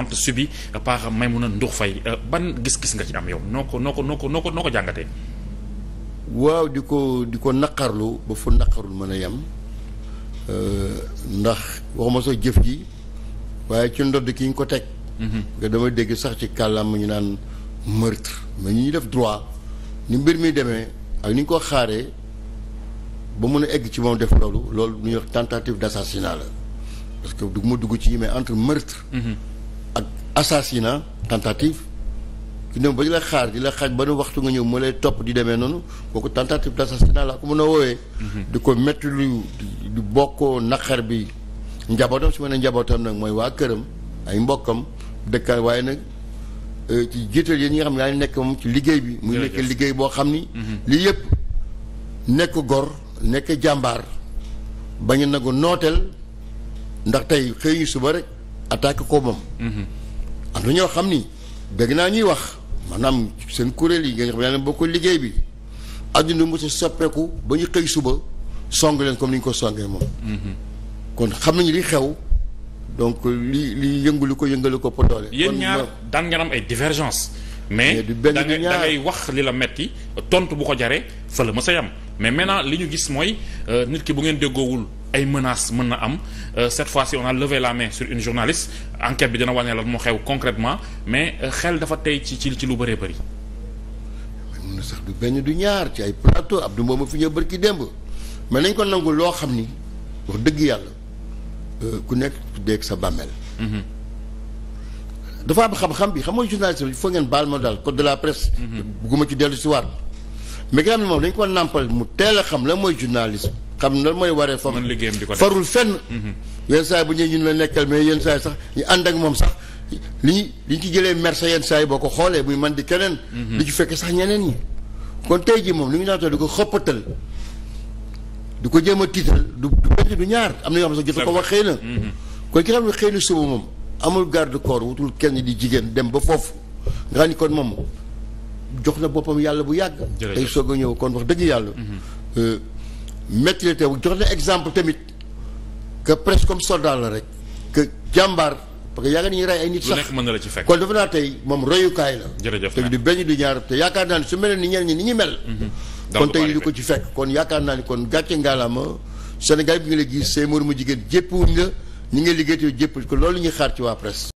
entre subi par Maimouna Ndour fay euh, ban gis-gis nga ci am yow noo ko noo ko noo ko noo ko noo ko jàngatee waaw di ko di ko naqarlu ba fu naqarul mën a yem euh, ndax waxuma soo jëf ji waaye ci ndodd ki ñu ko teg mhm. nga dama dégg sax ci kàllaama ñu naan meurtre mais ñu ñu def droit ni mbir mi demee ak ni ñu ko xaaree ba mun a egg ci moom def loolu loolu lu ñuy wax tentative d'assassinat la parce que ma dugg ci mais entre meurtre mhm. assassinat tentative ki ñoom ba ñu la xaar di la xaaj ba nu waxtu nga ñëw mu lay topp di demee noonu kooku tentative d'assassinat laa ko mën a woowee. Mhm. di ko metti lu di bokkoo naqar bi njabootam si ma nee njabootam nag mooy waa këram ay mbokkam dëkkaay waaye nag e, ci jiital yi ñi nga xam ne yaa nekk moom ci liggéey bi. muy nekk liggéey boo xam ni. Mhm. lii yëpp nekk gor nekk jàmbaar bañ a nooteel ndax tey xëy suba rek attaque ko am na ñoo xam ni bëgg naa ñuy wax maanaam seen kuréel yi nga xam ne yàlla bokk liggéey bi adduna mu si soppeeku ba ñu xëy suba song leen comme ni ñu ko songee moom. Mhm. kon xam nañu li xew. donc li li yëngu li ko yëngalu ko podoole. yéen ñaar daan ngeen am ay divergence mais da ngay wax li la metti tontu bu ko jaree fa la mës a yam mais maintenant li ñu gis mooy euh, nit ki bu ngeen déggoowul. ay menaces mën na am euh, cette fois-ci on a levé la main sur une journaliste enquête bi dana wane lan moo xew concrètement mais euh, xel dafa tey ci ci ci lu bëree bëri. mën na sax du benn du ñaar ci ay plateau Abdou Mbow ma fi ñëw bërki démb mais nañ ko nangu loo xam ni wax dëgg yàlla euh, ku nekk dégg sa bàmmeel. Mhm. dafa am xam-xam bi xam nga journaliste il faut ngeen baal ma daal code de la presse. Mhm. bugguma ci dellu si waat mais nga xam ne moom dañ ko nàmpal mu teel xam lan mooy journalisme. xam lan mooy waree fam farul fenn mhm. yenn saa yi bu ñëw ñun la nekkal mais yenn saa yi sax ñu ànd ak moom sax li ñu li ñu ci jëlee mersa yenn saa boo ko xoolee muy man di keneen li mhm. ci fekk ñeneen kon tey ji moom li ñu naatoo di ko xëppatal du ko jéem a tiital du benn du ñaar am na yoo xam sax jot ko wax xëy na mhm. kon ki xam ne xëy na suba moom amul garde corps wutul kenn di jigéen dem ba foofu nga xam ni kon moom jox na boppam yàlla bu yàgg tey soog a ñëw kon wax dëgg yàlla euh, métti la jox na exemple tamit que presque comme soldat la rek que jàmbaar parce que yaakaar nañu rey ay nit sax lu na la ci fekk kon defe naa tey moom royukaay la. jërëjëf te du benn du ñaar te yaakaar naa ne su mel ni ñenn ñi ni ñu mel. Mhm. kon tey du ko ci fekk kon yaakaar naa ni kon gàcce ngaalaama Sénégal bi nga la gis say moromu jigéen jéppiwuñ la ñi nga liggéey te jépp ko loolu ñuy xaar ci waa presse.